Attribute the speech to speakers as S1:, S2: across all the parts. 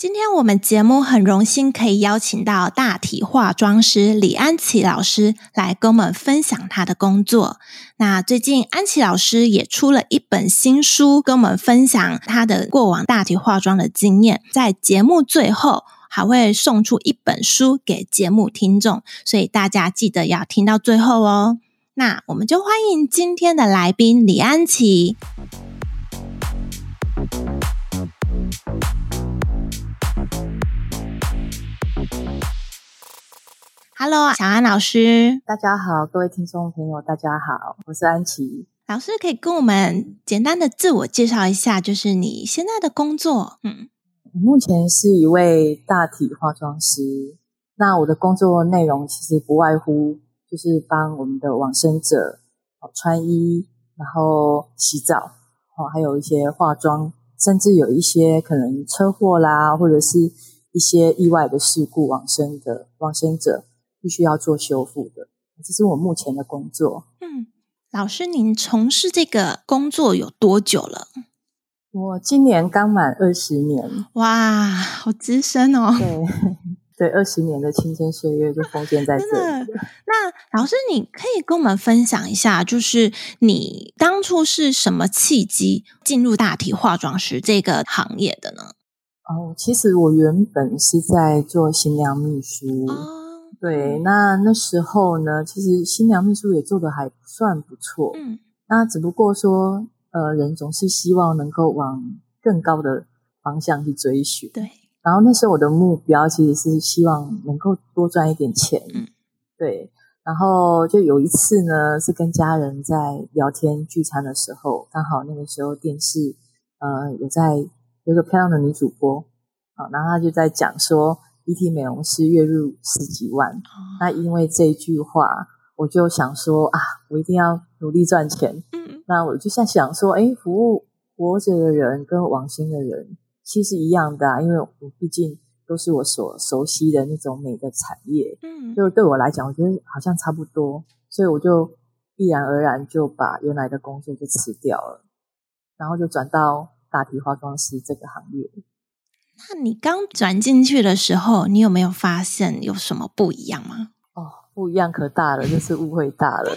S1: 今天我們節目很榮幸可以邀請到大體化妝師李安琪老師來跟我們分享她的工作。那最近安琪老師也出了一本新書，跟我們分享她的過往大體化妝的經驗。在節目最後還會送出一本書給節目聽眾，所以大家記得要聽到最後哦。那我們就歡迎今天的來賓李安琪。哈嘍，Hello, 小安老師，大家好，各位聽眾朋友，大家好，我是安琪。老師可以跟我們簡單的自我介紹一下，就是你現在的工作。嗯，我目前是一位大體化妝師。那我的工作內容其實不外
S2: 乎就是幫我們的往生者穿衣，然後洗澡哦，還有一些化妝，甚至有一些可能車禍啦，或者是一些意外的事故往生的往生者。必須要做修復的，這是我目前的工作。嗯，
S1: 老師，您從事這個
S2: 工作有多久了？我今年剛滿二十年。哇，
S1: 好資深哦！對，對，二十年的青春歲月就封建在這裡。 那老師，你可以跟我們分享一下，就是你當初是什麼契機進入大體化妝師這個行業的呢？哦，其
S2: 實我原本是在做新娘秘書。哦對，那那時候呢，其實新娘秘書也做得還算不錯。嗯，那只不過說，呃，人總是希望能夠往更高的方向去追尋。對，然後那時候我的目標其實是希望能夠多賺一點錢。嗯，對。然後就有一次呢，是跟家人在聊天聚餐的時候，剛好那個時候電視，呃，有在有個漂亮的女主播，好，啊，然後她就在講說。遺體美容師月入十幾萬，那因為這句話，我就想說啊，我一定要努力賺錢。嗯、那我就在想說，哎，服務活着的人跟往生的人其實一樣的、啊，因為我畢竟都是我所熟悉的那種美的產業，嗯，就對我來講，我覺得好像差不多，所以我就毅然而然就把原來的工作就辭掉了，然後就轉到大體化妝師這個行業。
S1: 那你剛轉進去的時候，你有沒有發現有什麼不一樣嗎？
S2: 哦，不一樣可大了，就是誤會大了。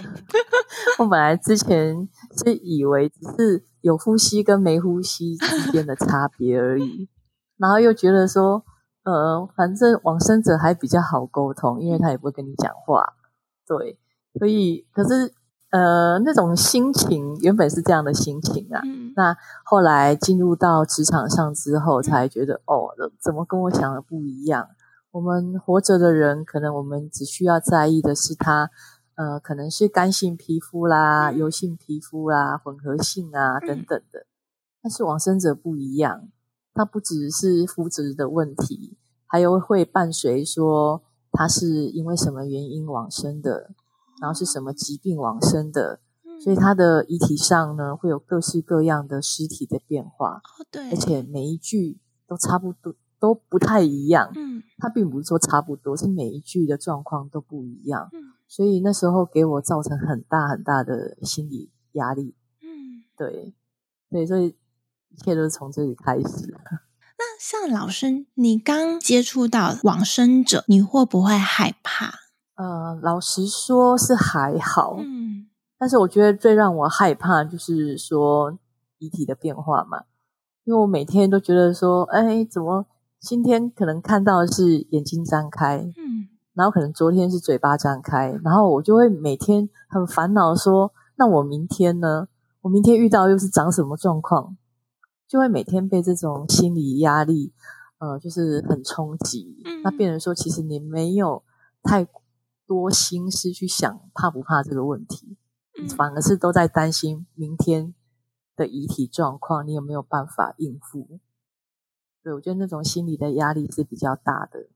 S2: 我本來之前是以為只是有呼吸跟沒呼吸之間的差別而已， 然後又覺得說，呃，反正往生者還比較好溝通，因為他也不會跟你講話。對，所以可是。呃，那種心情原本是這樣的心情啊。嗯、那後來進入到職場上之後，才覺得、嗯、哦，怎麼跟我想的不一樣？我們活着的人，可能我們只需要在意的是他，呃，可能是乾性皮膚啦、嗯、油性皮膚啦、混合性啊、嗯、等等的。但是往生者不一樣，他不只是膚質的問題，還有會伴隨說他是因為什麼原因往生的。然後是什麼疾病往生的，嗯、所以他的遺體上呢，會有各式各樣的屍體的變化，哦、對，而且每一具都差不多都不太一樣，嗯，他並不是說差不多，是每一具的狀況都不一樣，嗯，所以那時候給我造成很大很大的心理壓力，嗯，對，對，所以一切都是從這裡開始。
S1: 那像老師，你剛接觸到往生者，你會不會害怕？呃，
S2: 老實說是還好，嗯，但是我覺得最讓我害怕就是說遺體的變化嘛，因為我每天都覺得說，哎、欸，怎麼今天可能看到的是眼睛張開，嗯，然後可能昨天是嘴巴張開，然後我就會每天很煩惱說，那我明天呢？我明天遇到又是長什麼狀況？就會每天被這種心理壓力，呃，就是很衝擊。嗯、那變成說，其實你沒有太。多心思去想怕不怕這個問題，嗯、反而是都在擔心明天的遺體狀況，你有沒有辦法應付？對，我覺得那種心理的壓力是比較大的。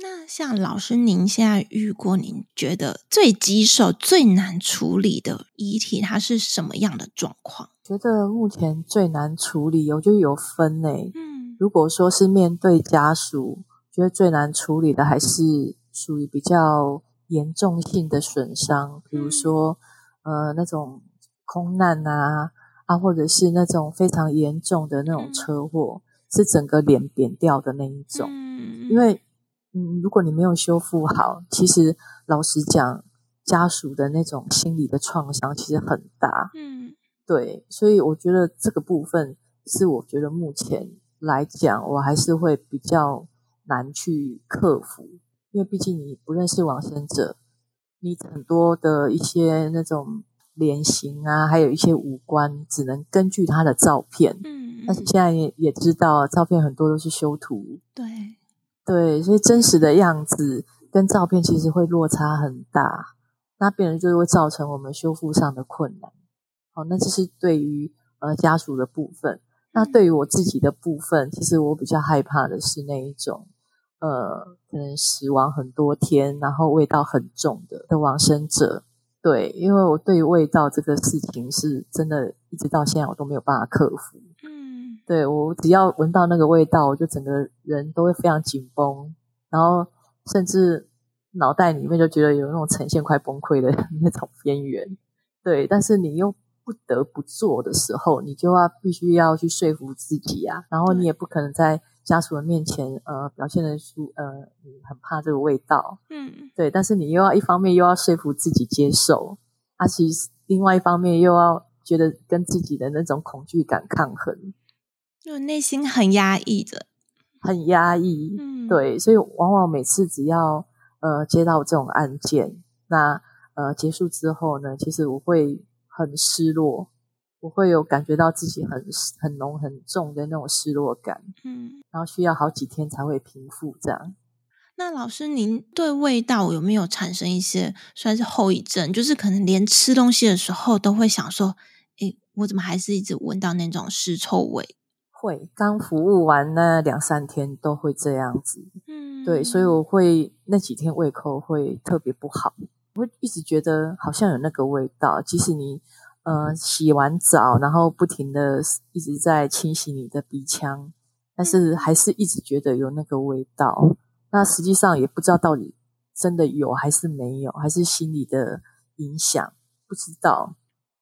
S1: 那像老師您現在遇過，您覺得最棘手、最難處理的遺體，它是什麼樣的狀況？覺
S2: 得目前最難處理，我覺得有分類、欸。嗯，如果說是面對家屬，覺得最難處理的還是屬於比較。嚴重性的損傷，比如說，嗯、呃，那種空難啊，啊，或者是那種非常嚴重的那種車禍，嗯、是整個臉扁掉的那一種。嗯、因為，嗯，如果你沒有修復好，其實老實講，家屬的那種心理的創傷其實很大。嗯、對，所以我覺得這個部分是我覺得目前來講，我還是會比較難去克服。因為畢竟你不認識往生者，你很多的一些那種臉型啊，還有一些五官，只能根據他的照片。嗯，嗯，但是現在也也知道，照片很多都是修圖。對，對，所以真實的樣子跟照片其實會落差很大，那必然就會造成我們修復上的困難。好，那這是對於呃家屬的部分。那對於我自己的部分，嗯、其實我比較害怕的是那一種。呃，可能死亡很多天，然後味道很重的的往生者，對，因為我對於味道這個事情是真的，一直到現在我都沒有辦法克服。嗯，對，我只要聞到那個味道，我就整個人都會非常緊繃，然後甚至腦袋裡面就覺得有那種呈現快崩潰的那種邊緣。對，但是你又不得不做的時候，你就要必須要去說服自己啊，然後你也不可能在。嗯家屬的面前，呃，表現的出，呃，你很怕這個味道，嗯，對，但是你又要一方面又要說服自己接受，啊、其實另外一方面又要覺得跟自己的那種恐懼感抗衡，
S1: 就內心很壓抑的，很壓
S2: 抑，嗯，對，所以往往每次只要呃接到這種案件，那呃結束之後呢，其實我會很失落。我會有感覺到自己很很濃很重的那種失落感，嗯，然後需要好幾天才會平復這樣。
S1: 那老師，您對味道有沒有產生一些算是後遺症？就是可能連吃東西的時候都會想說：“哎，我怎麼還是一直聞到那種屍臭味？”
S2: 會，剛服務完那兩三天都會這樣子。嗯，對，所以我會那幾天胃口會特別不好，我會一直覺得好像有那個味道，即使你。嗯，洗完澡，然後不停的一直在清洗你的鼻腔，但是還是一直覺得有那個味道。那實際上也不知道到底真的有還是沒有，還是心理的影響，不知道。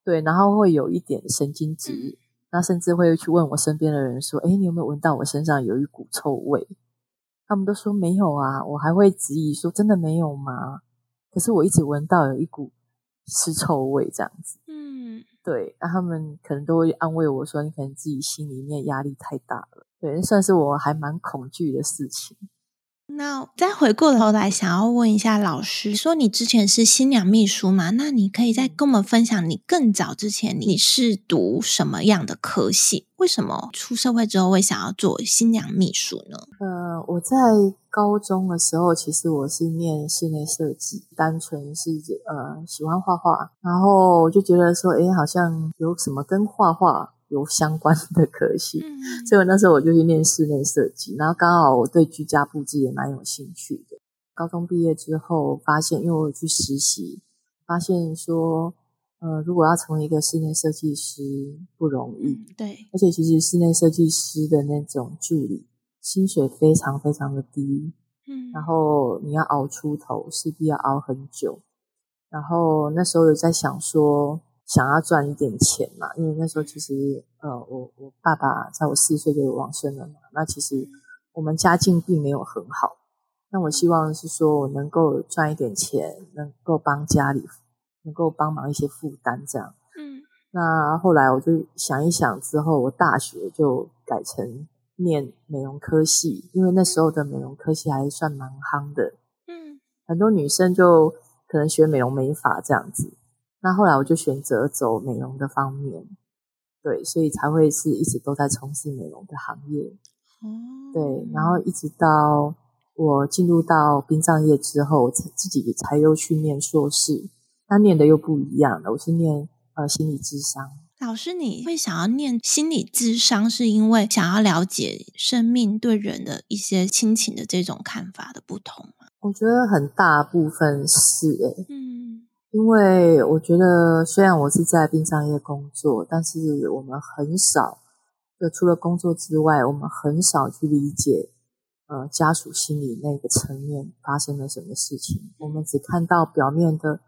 S2: 對，然後會有一點神經質，那甚至會去問我身邊的人說：“哎，你有沒有聞到我身上有一股臭味？”他們都說沒有啊，我還會質疑說：“真的沒有嗎？”可是我一直聞到有一股屍臭味，這樣子。嗯，對，那、啊、他們可能都會安慰我說：“你可能自己心裡面壓力太大了。”對，算是我還蠻恐懼的
S1: 事情。那再回過頭來，想要問一下老師，說你之前是新娘秘書嗎？那你可以再跟我們分享，你更早之前你是讀什麼樣的科系？為什麼出社會之後會想要做新娘秘書呢？
S3: 呃，
S2: 我在。高中的時候，其實我是念室內設計，單純是呃喜歡畫畫，然後我就覺得說，哎、欸，好像有什麼跟畫畫有相關的科系，嗯、所以我那時候我就去念室內設計，然後剛好我對居家布置也蠻有興趣的。高中畢業之後，發現因為我有去實習，發現說，呃，如果要成為一個室內設計師不容易，嗯、對，而且其實室內設計師的那種助理。薪水非常非常的低，嗯，
S3: 然後
S2: 你要熬出頭，勢必要熬很久。然後那時候有在想說，想要賺一點錢嘛，因為那時候其實，呃，我我爸爸在我四歲就往生了嘛。那其實我們家境並沒有很好。那我希望是說我能夠賺一點錢，能夠幫家裡，能夠幫忙一些負擔這樣。嗯，那後來我就想一想之後，我大學就改成。念美容科系，因為那時候的美容科系還算蠻夯的，嗯，很多女生就可能學美容美髮這樣子。那後來我就選擇走美容的方面，對，所以才會是一直都在從事美容的行業。嗯，對，然後一直到我進入到殯葬業之後我，自己才又去念碩士，那念的又不一樣了，我是念、呃、心理智商心理諮商。
S1: 老師，你會想要念心理諮商，是因為想要了解生命對人的一些親情的這種看法的不
S2: 同嗎？我覺得很大部分是、欸，嗯，因為我覺得雖然我是在殯葬業工作，但是我們很少，除了工作之外，我們很少去理解，呃，家屬心理那個層面發生了什麼事情。我們只看到表面的，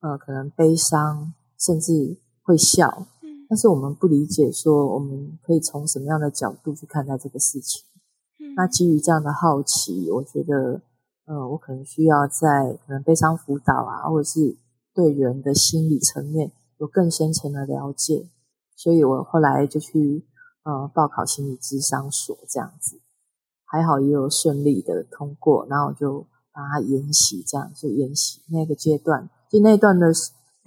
S2: 呃，可能悲傷，甚至會笑。但是我們不理解，說我們可以從什麼樣的角度去看待這個事情？嗯。那基於這樣的好奇，我覺得，呃，我可能需要在可能悲傷輔導啊，或者是對人的心理層面有更深層的了解，所以我後來就去，呃，報考心理諮商所這樣子，還好也有順利的通過，然後我就把它研習，這樣就研習那個階段，就那段的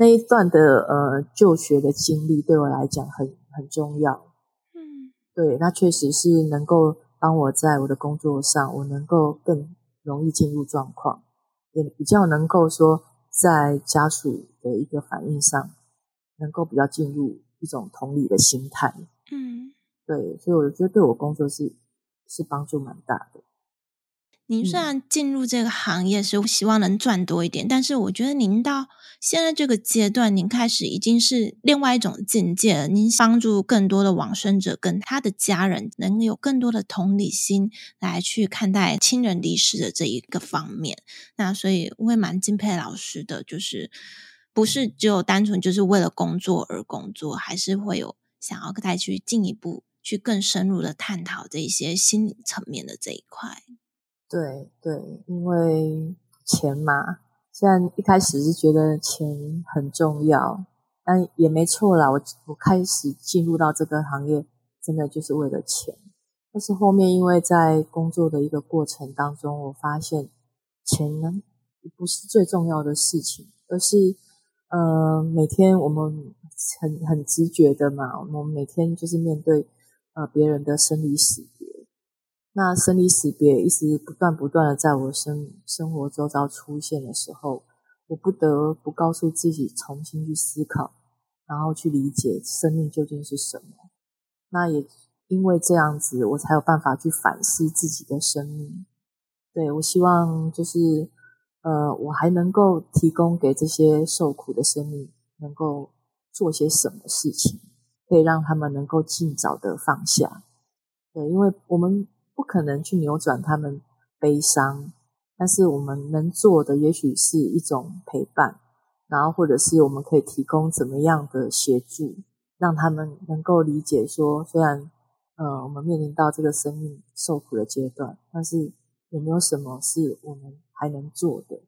S2: 那一段的呃就學的經歷對我來講很很重要，嗯，對，那確實是能夠幫我在我的工作上，我能夠更容易進入狀況，也比較能夠說在家屬的一個反應上，能夠比較進入一種同理的心態，嗯，對，所以我覺得對我工作是是幫助蠻大的。
S1: 您雖然進入這個行業是希望能賺多一點，但是我覺得您到現在這個階段，您開始已經是另外一種境界了。您幫助更多的往生者跟他的家人，能有更多的同理心來去看待親人離世的這一個方面。那所以，我也蠻敬佩老師的，就是不是只有單純就是為了工作而工作，還是會有想要跟他去進一步去更深入的探討這一些心理層面的這一塊。
S2: 對對，因為錢嘛，雖然一開始是覺得錢很重要，但也沒錯啦。我我開始進入到這個行業，真的就是為了錢。但是後面因為在工作的一個過程當中，我發現錢呢不是最重要的事情，而是呃，每天我們很很直覺的嘛，我們每天就是面對呃別人的生與死。那生離死別一直不斷不斷的在我生生活周遭出現的時候，我不得不告訴自己重新去思考，然後去理解生命究竟是什麼。那也因為這樣子，我才有辦法去反思自己的生命。對，我希望就是，呃，我還能夠提供給這些受苦的生命，能夠做些什麼事情，可以讓他們能夠儘早的放下。對，因為我們。不可能去扭轉他們悲傷，但是我們能做的，也許是一種陪伴，然後或者是我們可以提供怎麼樣的協助，讓他們能夠理解說，雖然，呃，我們面臨到這個生命受苦的階段，但是有沒有什麼是我們還能做的，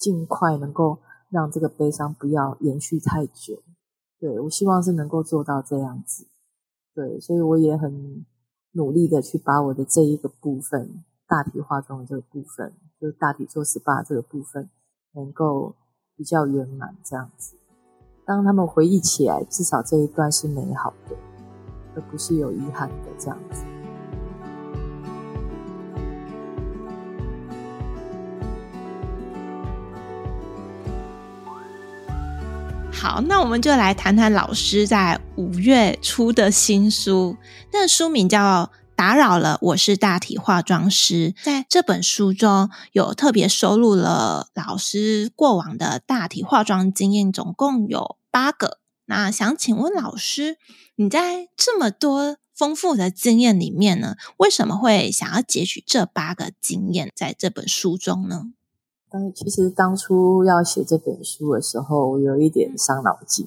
S2: 盡快能夠讓這個悲傷不要延續太久。對，我希望是能夠做到這樣子，對，所以我也很。努力的去把我的這一個部分，大體化妝的這個部分，就是大體做 spa 這個部分，能夠比較圓滿這樣子。當他們回憶起來，至少這一段是美好的，而不是有遺憾的這樣子。
S1: 好，那我們就來談談老師在五月初的新書。那書名叫《打擾了，我是大體化妝師》。在這本書中有特別收錄了老師過往的大體化妝經驗，總共有八個。那想請問老師，你在這麼多豐富的經驗裡面呢，為什麼會想要截取這八個經驗在這本書中呢？
S2: 但是，其實當初要寫這本書的時候，我有一點傷腦筋，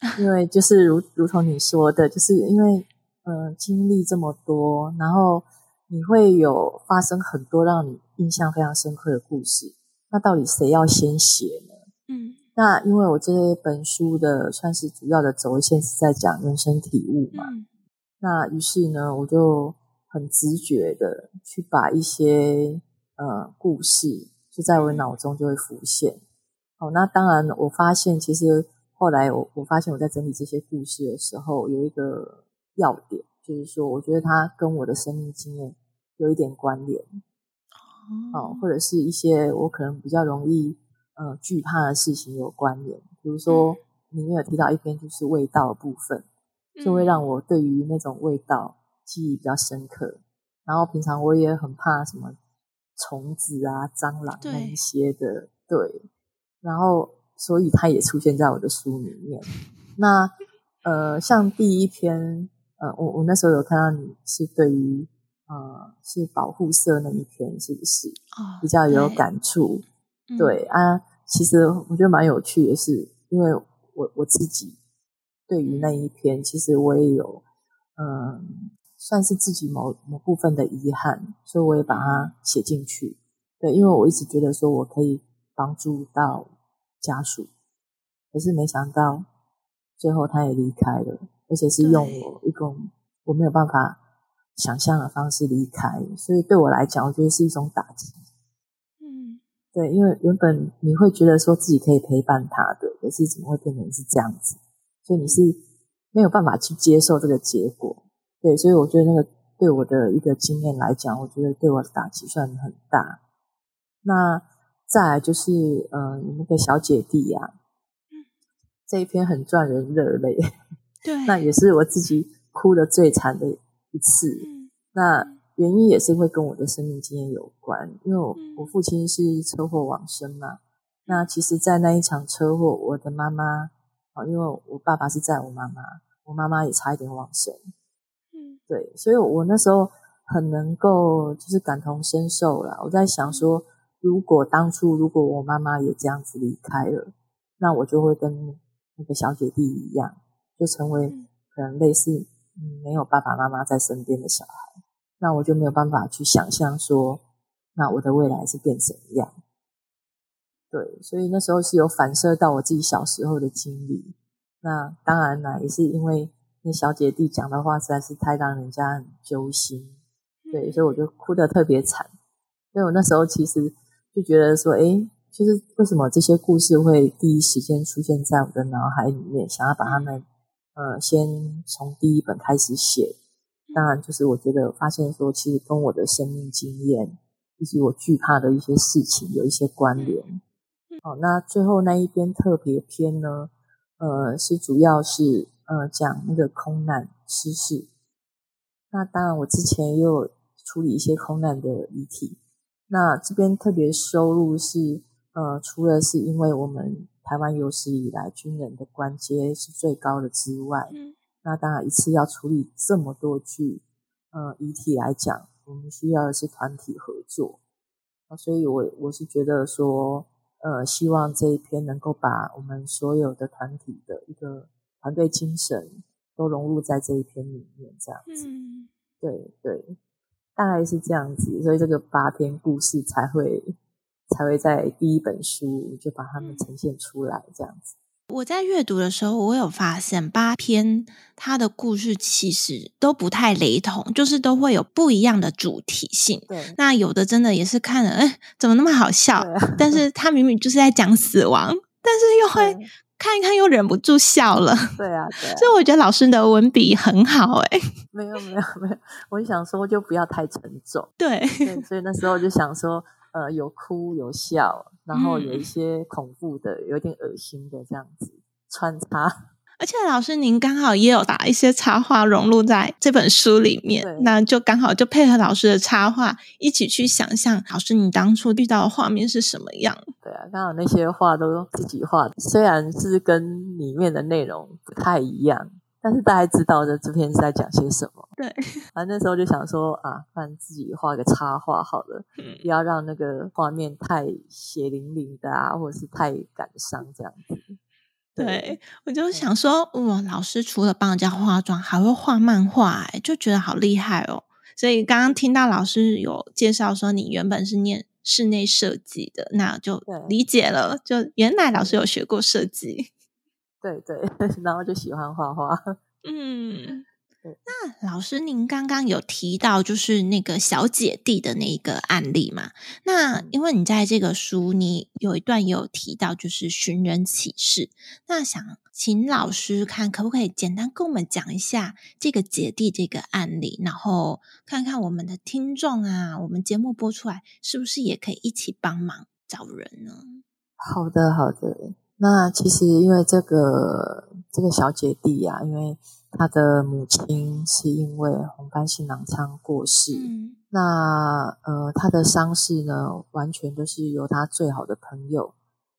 S2: 嗯、因為就是如如同你說的，就是因為嗯、呃、經歷這麼多，然後你會有發生很多讓你印象非常深刻的故事。那到底誰要先寫呢？嗯，那因為我這本書的算是主要的軸線是在講人生
S3: 體悟嘛，嗯、
S2: 那於是呢，我就很直覺的去把一些呃故事。就在我腦中就會浮現。好、哦，那當然，我發現其實後來我我發現我在整理這些故事的時候，有一個要點，就是說，我覺得它跟我的生命經驗有一點關聯。
S3: 哦。
S2: 或者是一些我可能比較容易呃懼怕的事情有關聯。比如說，你也有提到一篇就是味道的部分，就會讓我對於那種味道記憶比較深刻。然後平常我也很怕什麼。蟲子啊，蟑螂那一些的，對，對。然後，所以它也出現在我的書裡面。那呃，像第一篇，呃，我我那時候有看到你是對於呃是保護色那一篇，是不是？
S3: 比較有感
S2: 觸。Okay. 對啊，呃，其實我覺得蠻有趣的是，也是因為我我自己對於那一篇，其實我也有嗯。呃算是自己某某部分的遺憾，所以我也把它寫進去。對，因為我一直覺得說我可以幫助到家屬，可是沒想到最後他也離開了，而且是用我一種我沒有辦法想象的方式離開，所以對我來講，我覺得是一種打擊。嗯，對，因為原本你會覺得說自己可以陪伴他的，可是怎麼會變成是這樣子？所以你是沒有辦法去接受這個結果。對，所以我覺得那個對我的一個經驗來講，我覺得對我的打擊算很大。那再來就是，嗯、呃，你那個小姐弟呀、啊，嗯、這一篇很賺人熱淚。對， 那也是我自己哭的最慘的一次。嗯、那原因也是會跟我的生命經驗有關，因為我、嗯、我父親是車禍往生嘛。那其實，在那一場車禍，我的媽媽，哦，因為我爸爸是在我媽媽，我媽媽也差一點往生。對，所以我那時候很能夠就是感同身受啦。我在想說，如果當初如果我媽媽也這樣子離開了，那我就會跟那個小姐弟一樣，就成為可能類似沒有爸爸媽媽在身邊的小孩。那我就沒有辦法去想象說，那我的未來是變怎樣。對，所以那時候是有反射到我自己小時候的經歷。那當然啦，也是因為。那小姐弟講的話實在是太讓人家很揪心，對，所以我就哭得特別慘。所以我那時候其實就覺得說，哎，其實為什麼這些故事會第一時間出現在我的腦海裡面？想要把他們，呃，先從第一本開始寫。當然，就是我覺得發現說，其實跟我的生命經驗以及、就是、我懼怕的一些事情有一些關聯。好，那最後那一篇特別篇呢，呃，是主要是。呃，講那個空難失事，那當然我之前也有處理一些空難的遺體，那這邊特別收入是呃，除了是因為我們台灣有史以來軍人的官階是最高的之外，嗯，那當然一次要處理這麼多具呃遺體來講，我們需要的是團體合作，啊，所以我我是覺得說，呃，希望這一篇能夠把我們所有的團體的一個。團隊精神都融入在這一篇裡面，這樣
S3: 子，嗯、對對，
S2: 大概是這樣子，所以這個八篇故事才會才會在第一本書就把它們呈現出來，這樣子。
S1: 我在閱讀的時候，我有發現八篇它的故事其實都不太雷同，就是都會有不一樣的主題性。對，那有的真的也是看了，哎、欸，怎麼那麼好笑？啊、但是他明明就是在講死亡，但是又會。看一看又忍不住笑了，對啊，對啊。所以我覺得老師的文筆很好哎。
S2: 沒有沒有沒有，我就想說就不要太沉重。對，所以，所以那時候就想說，呃，有哭有笑，然後有一些恐怖的，嗯，有點噁心的這樣子穿插。
S1: 而且老師，您剛好也有把一些插畫融入在這本書裡面，對那就剛好就配合老師的插畫一起去想象老師你當初遇到的畫面是什麼樣？
S2: 對啊，剛好那些畫都自己畫的，雖然是跟裡面的內容不太一樣，但是大家知道這這篇是在講些什麼。對，反正、啊、那時候就想說啊，讓自己畫個插畫好了，不要讓那個畫面太血淋淋的啊，或者是太感傷這樣子。
S1: 對，我就想說，哇，老師除了幫人家化妝，還會畫漫畫，哎，就覺得好厲害哦、喔。所以剛剛聽到老師有介紹說，你原本是念室內設計的，那就理解了，對就原來老師有學過設計，對，對對，然後就喜歡畫畫，嗯。那老師，您剛剛有提到就是那個小姐弟的那個案例嘛？那因為你在這個書，你有一段也有提到就是尋人啟事。那想請老師看，可不可以簡單跟我們講一下這個姐弟這個案例，然後看看我們的聽眾啊，我們節目播出來是不是也可以一起幫忙找人呢？
S2: 好的，好的。那其實因為這個這個小姐弟啊，因為他的母親是因為紅斑性狼瘡過世，嗯、那呃他的喪事呢，完全就是由他最好的朋友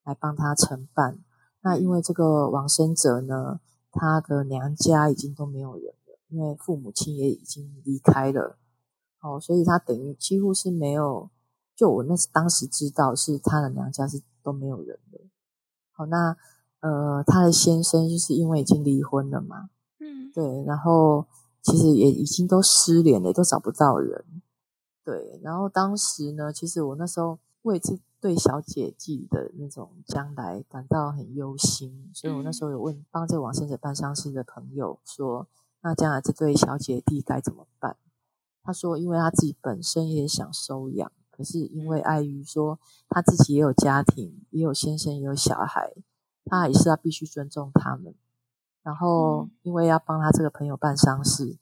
S2: 來幫他承辦。那因為這個往生者呢，他的娘家已經都沒有人了，因為父母親也已經離開了，哦，所以他等於幾乎是沒有。就我那時當時知道是他的娘家是都沒有人的。好，那呃，他的先生就是因為已經離婚了嘛，嗯，對，然後其實也已經都失聯了，也都找不到人，對，然後當時呢，其實我那時候為這對小姐弟的那種將來感到很憂心，所以我那時候有問幫這王先生辦喪事的朋友說，嗯、那將來這對小姐弟該怎麼辦？他說，因為他自己本身也想收養。可是因為礙於說他自己也有家庭，也有先生，也有小孩，他也是要必須尊重他們。然後、嗯、因為要幫他這個朋友辦喪事，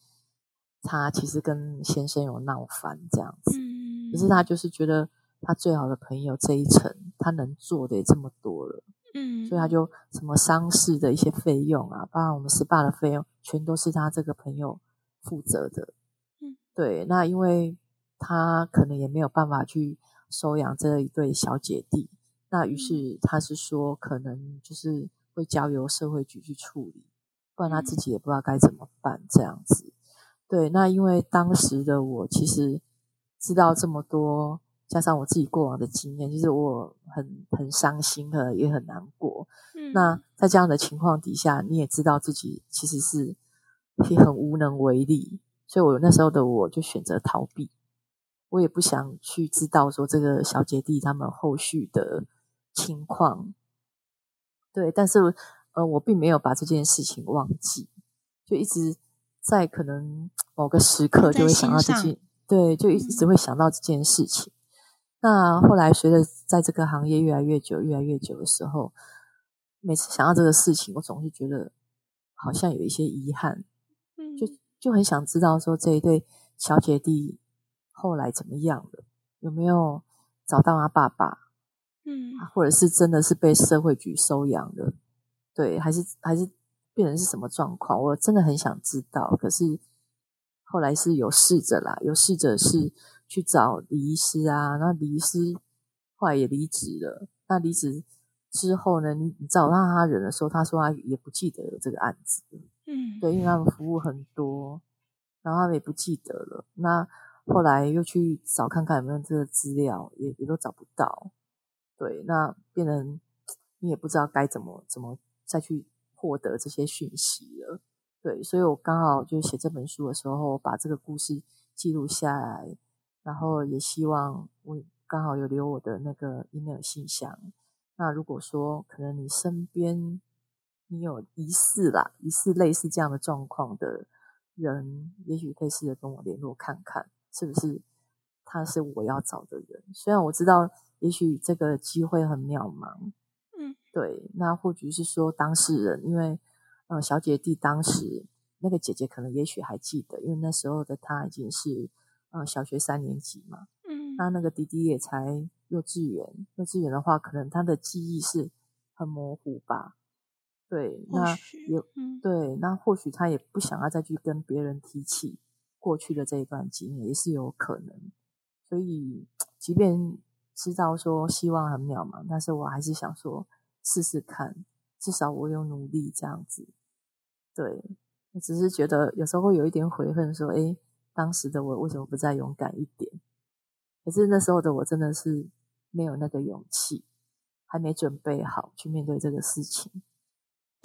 S2: 他其實跟先生有鬧翻這樣子。嗯、可是他就是覺得他最好的朋友這一層，他能做的也這麼多了。嗯、所以他就什麼喪事的一些費用啊，包括我們 SPA 的費用，全都是他這個朋友負責的。嗯、對，那因為。他可能也沒有辦法去收養這一對小姐弟，那於是他是說，可能就是會交由社會局去處理，不然他自己也不知道該怎麼辦。這樣子，對，那因為當時的我其實知道這麼多，加上我自己過往的經驗，其實我很很傷心的，也很難過。嗯、那在這樣的情況底下，你也知道自己其實是也很無能為力，所以我那時候的我就選擇逃避。我也不想去知道說這個小姐弟他們後續的情況，對，但是呃，我並沒有把這件事情忘記，就一直在可能某個時刻就會想到這件，對，就一直會想到這件事情。嗯、那後來隨着在這個行業越來越久、越來越久的時候，每次想到這個事情，我總是覺得好像有一些遺憾，就就很想知道說這一對小姐弟。後來怎麼樣了？有沒有找到他爸爸？
S3: 嗯、啊，
S2: 或者是真的是被社會局收養的？對，還是還是變成是什麼狀況？我真的很想知道。可是後來是有試着啦，有試着是去找律師啊，那律師後來也離職了。那離職之後呢？你找到他人的時候，他說他也不記得有這個案子。嗯，
S3: 對，因為他們
S2: 服務很多，然後他們也不記得了。那後來又去找看看有沒有這個資料，也也都找不到。對，那變成你也不知道該怎麼怎麼再去獲得這些訊息了。對，所以我剛好就寫這本書的時候，把這個故事記錄下來，然後也希望我剛好有留我的那個 email 信箱。那如果說可能你身邊你有疑似啦、疑似類似這樣的狀況的人，也許可以試着跟我聯絡看看。是不是他是我要找的人？雖然我知道，也許這個機會很渺茫。嗯，對。那或許是說當事人，因為，呃、嗯，小姐弟當時那個姐姐可能也許還記得，因為那時候的她已經是呃、嗯、小學三年級嘛。嗯。那那個弟弟也才幼稚園，幼稚園的話，可能他的記憶是很模糊吧。
S3: 對，
S2: 那也、嗯、對，那或許他也不想要再去跟別人提起。過去的這一段經歷也是有可能，所以即便知道說希望很渺茫，但是我還是想說試試看，至少我有努力這樣子。對，我只是覺得有時候會有一點悔恨，說誒，當時的我為什麼不再勇敢一點？可是那時候的我真的是沒有那個勇氣，還沒準備好去面對這個事情。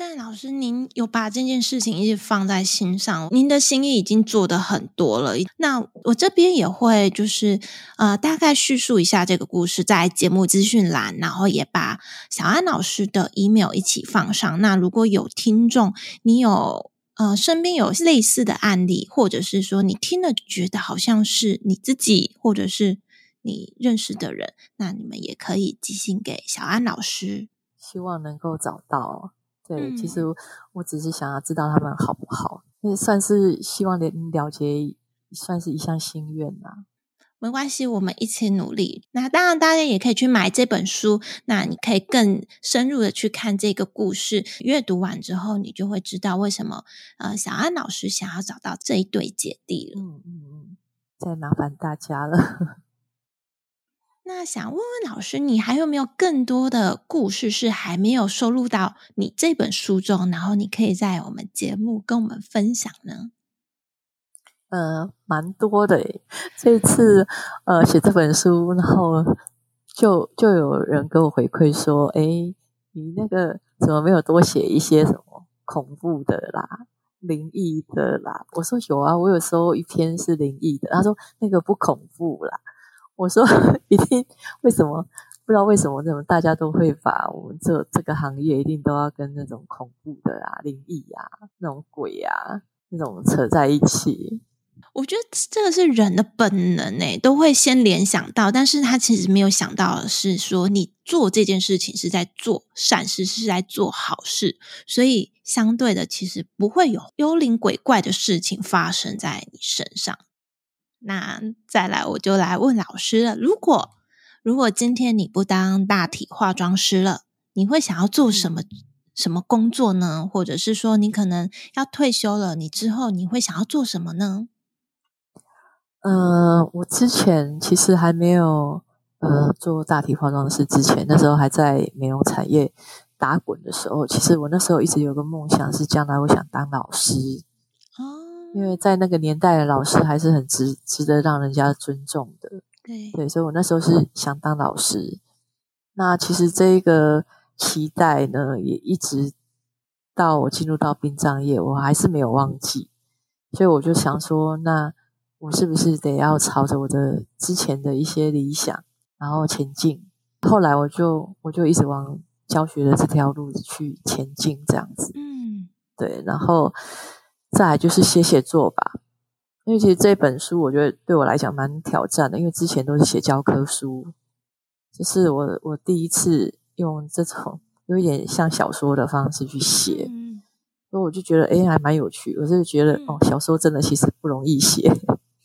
S1: 但老師，您有把這件事情一直放在心上，您的心意已經做得很多了。那我這邊也會就是呃，大概敘述一下這個故事，在節目資訊欄，然後也把小安老師的 email 一起放上。那如果有聽眾，你有呃身邊有類似的案例，或者是說你聽了覺得好像是你自己，或者是你認識的人，那你們也可以寄信給小安老師，希望能夠找到。對，其實我只是想要知道他們好不好，那、嗯、算
S2: 是希望了了解，算是一項心願吶、啊。
S1: 沒關係，我們一起努力。那當然，大家也可以去買這本書，那你可以更深入的去看這個故事。閱讀完之後，你就會知道為什麼呃，小安老師想要找到這一對姐弟了。嗯嗯嗯，再麻煩大家了。那想問問老師，你還有沒有更多的故事是還沒有收錄到你這本書中？然後你可以在我們節目跟我們分享呢？呃，蠻多的耶。這次
S2: 呃寫這本書，然後就就有人給我回饋說：“哎，你那個怎麼沒有多寫一些什麼恐怖的啦、靈異的啦？”我說：“有啊，我有時候一篇是靈異的。”他說：“那個不恐怖啦。”我說，一定為什麼不知道為什麼，怎麼大家都會把我們這這個行業一定都要跟那種恐怖的啊、靈異啊、那種鬼啊那種扯在一起？
S1: 我覺得這個是人的本能誒、欸，都會先聯想到，但是他其實沒有想到的是說你做這件事情是在做善事，是在做好事，所以相對的其實不會有幽靈鬼怪的事情發生在你身上。那再來，我就來問老師了。如果如果今天你不當大體化妝師了，你會想要做什麼什麼工作呢？或者是說，你可能要退休了，你之後你會想要做什麼呢？呃，
S2: 我之前其實還沒有呃做大體化妝師之前，那時候還在美容產業打滾的時候，其實我那時候一直有個夢想，是將來我想當老師。因為在那個年代的老師還是很值值得讓人家尊重的。對，對，所以我那時候是想當老師。那其實這個期待呢，也一直到我進入到殯葬業，我還是沒有忘記。所以我就想說，那我是不是得要朝着我的之前的一些理想，然後前進？後來我就我就一直往教學的這條路去前進，這樣子。嗯，對，然後。再來就是寫寫作吧，因為其實這本書我覺得對我來講蠻挑戰的，因為之前都是寫教科書，就是我我第一次用這種有一點像小說的方式去寫，所以我就覺得哎、欸、還蠻有趣，我就覺得哦，小說真的其實不容易寫，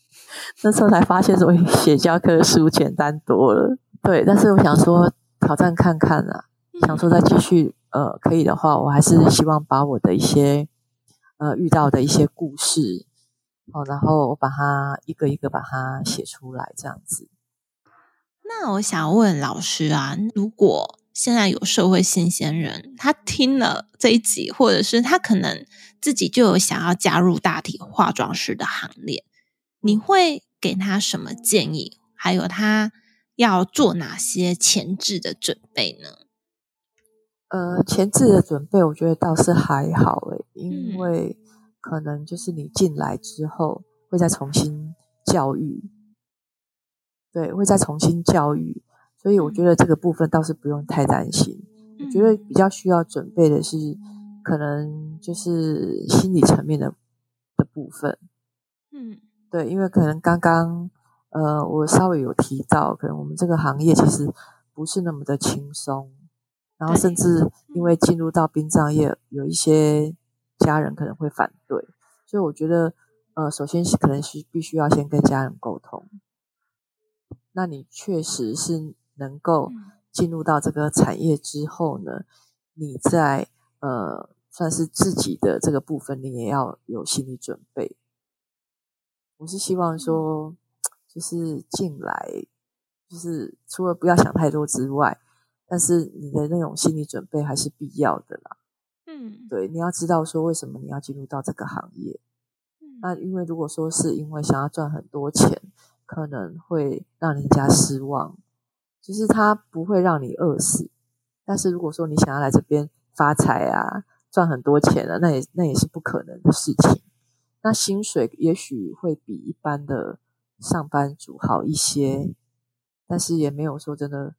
S2: 那時候才發現說寫教科書簡單多了，對，但是我想說挑戰看看啊，想說再繼續呃，可以的話，我還是希望把我的一些。呃，遇到的一些故事，
S1: 哦，然後我把它一個一個把它寫出來，這樣子。那我想問老師啊，如果現在有社會新鮮人，他聽了這一集，或者是他可能自己就有想要加入大體化妝師的行列，你會給他什麼建議？還有他要做哪些前置的準備呢？呃，
S2: 前置的準備，我覺得倒是還好誒、欸，因為可能就是你進來之後會再重新教育，對，會再重新教育，所以我覺得這個部分倒是不用太擔心。我覺得比較需要準備的是，可能就是心理層面的的部分。嗯，對，因為可能剛剛呃，我稍微有提到，可能我們這個行業其實不是那麼的輕鬆。然後，甚至因為進入到殯葬業，有一些家人可能會反對，所以我覺得，呃，首先是可能是必須要先跟家人溝通。那你確實是能夠進入到這個產業之後呢，你在呃，算是自己的這個部分，你也要有心理準備。我是希望說，就是進來，就是除了不要想太多之外，但是你的那種心理準備還是必要的啦。嗯，對，你要知道說為什麼你要進入到這個行業。嗯，那因為如果說是因為想要賺很多錢，可能會讓人家失望。就是他不會讓你餓死，但是如果說你想要來這邊發財啊，賺很多錢了，那也那也是不可能的事情。那薪水也許會比一般的上班族好一些，但是也沒有說真的。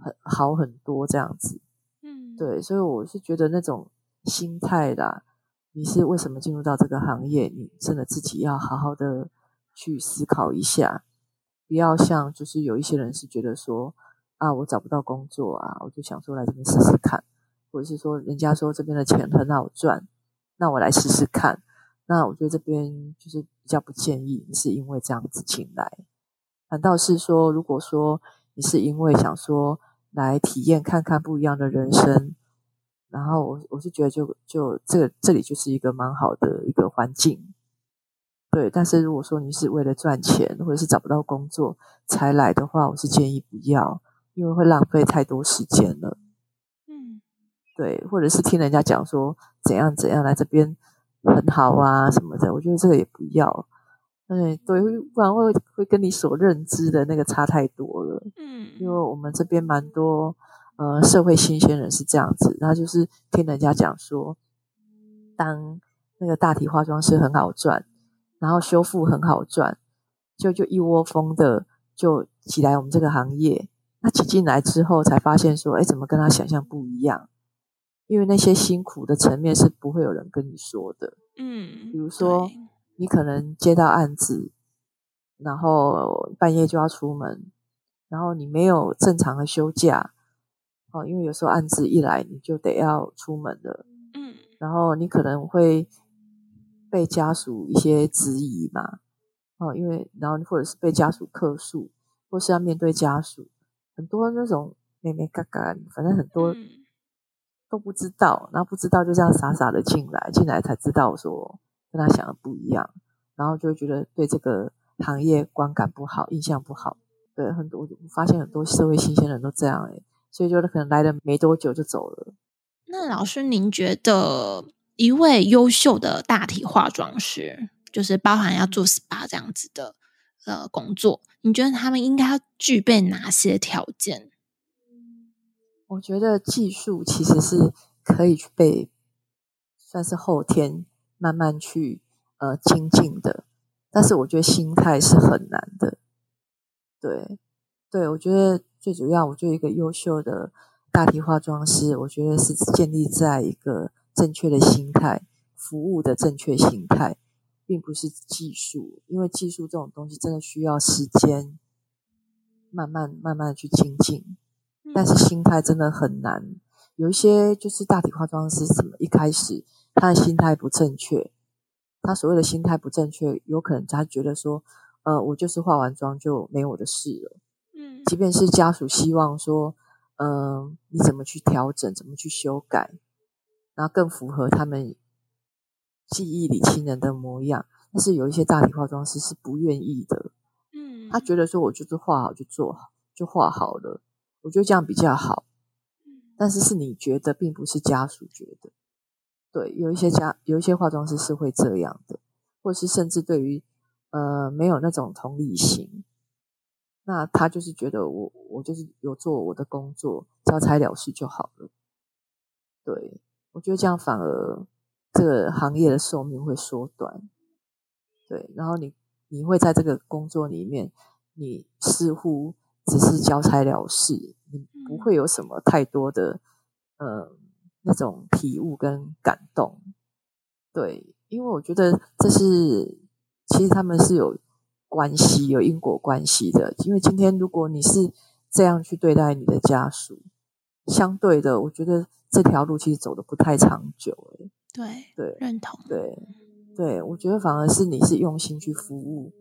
S2: 很好很多這樣子，嗯，對，所以我是覺得那種心態啦，你是為什麼進入到這個行業？你真的自己要好好的去思考一下，不要像就是有一些人是覺得說啊，我找不到工作啊，我就想說來這邊試試看，或者是說人家說這邊的錢很好賺，那我來試試看。那我覺得這邊就是比較不建議你是因為這樣子進來，反倒是說，如果說你是因為想說。來體驗看看不一樣的人生，然後我我是覺得就就這這裡就是一個蠻好的一個環境，對。但是如果說你是為了賺錢或者是找不到工作才來的話，我是建議不要，因為會浪費太多時間了。嗯，對，或者是聽人家講說怎樣怎樣來這邊很好啊什麼的，我覺得這個也不要。哎，對，不然會會跟你所認知的那個差太多了。嗯，因為我們這邊蠻多呃社會新鮮人是這樣子，然後就是聽人家講說，當那個大體化妝師很好賺，然後修復很好賺，就就一窩蜂的就擠來我們這個行業。那擠進來之後，才發現說，誒，怎麼跟他想象不一樣？因為那些辛苦的層面是不會有人跟你說的。嗯，比如說。你可能接到案子，然後半夜就要出門，然後你沒有正常的休假哦，因為有時候案子一來你就得要出門
S3: 了。
S2: 嗯，然後你可能會被家屬一些質疑嘛，哦，因為然後或者是被家屬客訴，或是要面對家屬，很多那種咩咩嘎嘎，反正很多都不知道，然後不知道就這樣傻傻的進來，進來才知道說。跟他想的不一樣，然後就會覺得對這個行業觀感不好，印象不好。對很多，我發現很多社會新鮮人都這樣誒，所以就可能來了沒多久就走了。
S1: 那老師，您覺得一位優秀的大體化妝師，就是包含要做 SPA 這樣子的呃工作，你覺得他們應該具備哪些條件？
S2: 我覺得技術其實是可以被算是後天。慢慢去呃精進的，但是我覺得心態是很難的。對，對我覺得最主要，我覺得一個優秀的大體化妝師，我覺得是建立在一個正確的心態，服務的正確心態，並不是技術，因為技術這種東西真的需要時間，慢慢慢慢去精進。但是心態真的很難。有一些就是大體化妝師，怎麼一開始。他的心態不正確，他所謂的心態不正確，有可能他覺得說，呃，我就是化完妝就沒我的事了。嗯，即便是家屬希望說，嗯、呃，你怎麼去調整，怎麼去修改，然後更符合他們記憶裡親人的模樣，但是有一些大體化妝師是不願意的。嗯，他覺得說，我就是化好就做好，就化好了，我覺得這樣比較好。嗯，但是是你覺得，並不是家屬覺得。對，有一些家，有一些化妝師是會這樣的，或是甚至對於呃沒有那種同理心，那他就是覺得我我就是有做我的工作，交差了事就好了。對，我覺得這樣反而這個行業的壽命會縮短。對，然後你你會在這個工作裡面，你似乎只是交差了事，你不會有什麼太多的呃。那種體悟跟感動，對，因為我覺得這是其實他們是有關係、有因果關係的。因為今天如果你是這樣去對待你的家屬，相對的，我覺得這條路其實走得不太長久。對對，對認同，對對，我覺得反而是你是用心去服務，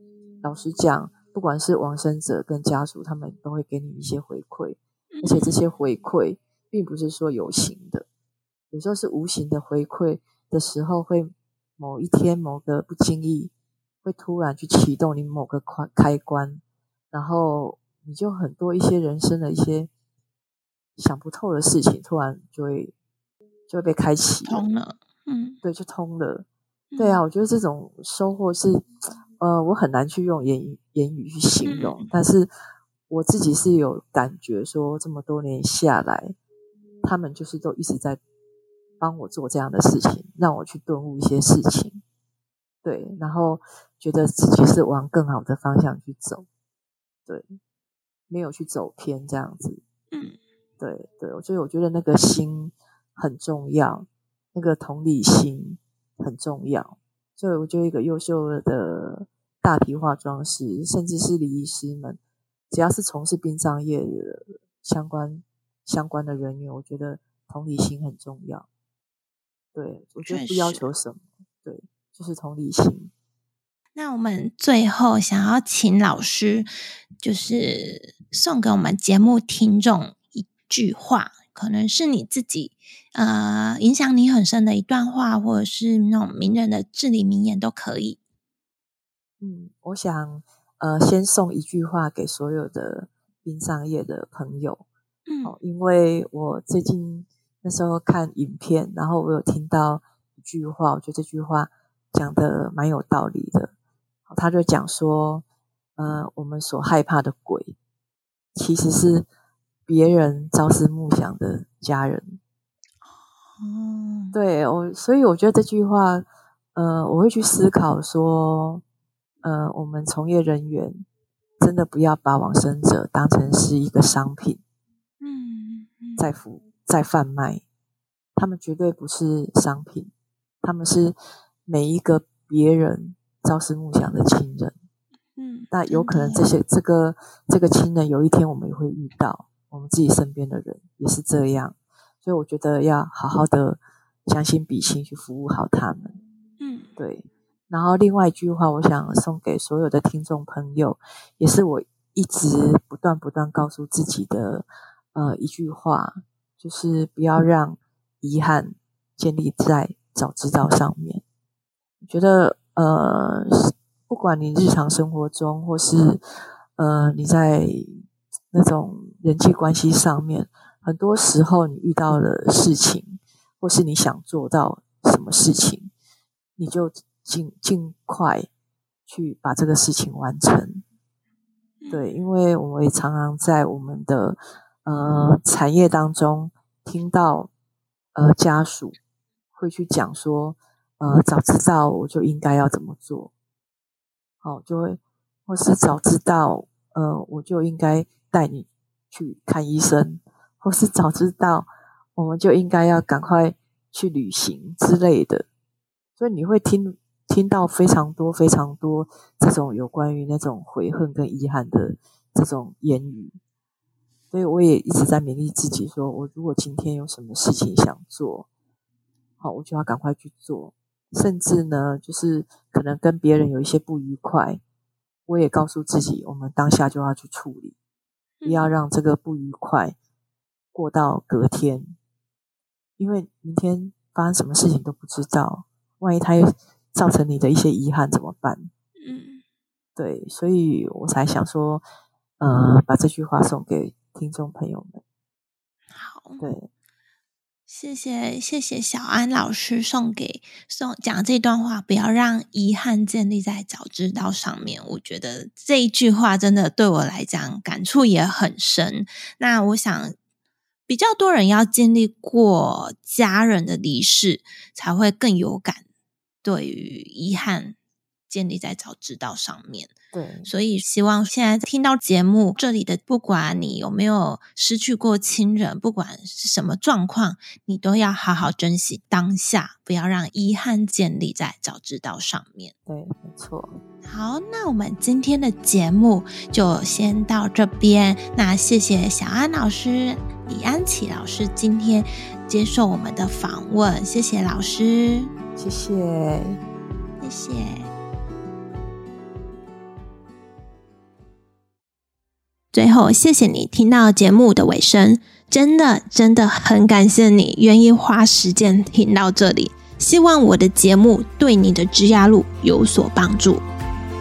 S2: 老實講，不管是往生者跟家屬，他們都會給你一些回饋，嗯、而且這些回饋並不是說有形的。有時候是無形的回饋的時候，會某一天某個不經意，會突然去啟動你某個開開關，然後你就很多一些人生的一些想不透的事情，突然就會就會被開啟了。通了。嗯，對，就通了。對啊，我覺得這種收穫是，呃，我很難去用言言語去形容，嗯、但是我自己是有感覺說，這麼多年下來，他們就是都一直在。幫我做這樣的事情，讓我去頓悟一些事情，對，然後覺得自己是往更好的方向去走，對，沒有去走偏這樣子，對、嗯、對，所以我覺得那個心很重要，那個同理心很重要。所以，我覺得一個優秀的大體化妝師，甚至是禮儀師們，只要是從事殯葬業的相關相關的人員，我覺得同理心很重要。對，我覺得不要求什麼，實對，就是同理心。
S1: 那我們最後想要請老師，就是送給我們節目聽眾一句話，可能是你自己呃影響你很深的一段話，或者是那種名人的至理名言都可以。
S2: 嗯，我想呃先送一句話給所有的殯葬業的朋友，嗯、哦，因為我最近。那時候看影片，然後我有聽到一句話，我覺得這句話講得蠻有道理的。他就講說，呃，我們所害怕的鬼，其實是別人朝思暮想的家人。嗯，對，我，所以我覺得這句話，呃，我會去思考說，呃，我們從業人員真的不要把往生者當成是一個商品。嗯，
S3: 嗯，在服務。
S2: 在販賣，他們絕對不是商品，他們是每一個別人朝思暮想的親人。嗯，那有可能這些、嗯、這個這個親人有一天我們也會遇到，嗯、我們自己身邊的人也是這樣，所以我覺得要好好的將心比心去服務好他們。嗯，對。然後另外一句話，我想送給所有的聽眾朋友，也是我一直不斷不斷告訴自己的呃一句話。就是不要讓遺憾建立在早知道上面。你覺得，呃，不管你日常生活中，或是呃你在那種人際關係上面，很多時候你遇到了事情，或是你想做到什麼事情，你就盡盡快去把這個事情完成。對，因為我們也常常在我們的。呃，產業當中聽到呃家屬會去講說，呃，早知道我就應該要怎麼做，好就會，或是早知道呃，我就應該帶你去看醫生，或是早知道我們就應該要趕快去旅行之類的，所以你會聽聽到非常多非常多這種有關於那種悔恨跟遺憾的這種言語。所以我也一直在勉勵自己說，說我如果今天有什麼事情想做，好，我就要趕快去做。甚至呢，就是可能跟別人有一些不愉快，我也告訴自己，我們當下就要去處理，不要讓這個不愉快過到隔天，因為明天發生什麼事情都不知道，萬一它又造成你的一些遺憾怎麼辦？嗯，對，所以我才想說，呃，把這句話送給。聽眾朋友們，
S1: 好，對，謝謝謝謝小安老師送給送講這段話，不要讓遺憾建立在早知道上面。我覺得這一句話真的對我來講感觸也很深。那我想，比較多人要經歷過家人的離世，才會更有感。對於遺憾建立在早知道上面。對，所以希望現在聽到節目這裡的，不管你有沒有失去過親人，不管是什麼狀況，你都要好好珍惜當下，不要讓遺憾建立在早知道上面。對，沒錯。好，那我們今天的節目就先到這邊。那謝謝小安老師、李安琪老師今天接受我們的訪問，謝謝老師，謝謝，謝謝。最後，謝謝你聽到節目的尾聲，真的真的很感謝你願意花時間聽到這裡。希望我的節目對你的職涯路有所幫助。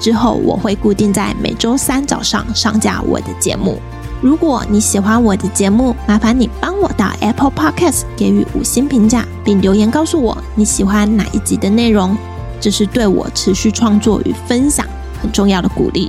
S1: 之後我會固定在每周三早上上架我的節目。如果你喜歡我的節目，麻煩你幫我到 Apple Podcast 給予五星評價，並留言告訴我你喜歡哪一集的內容。這是對我持續創作與分享很重要的鼓勵。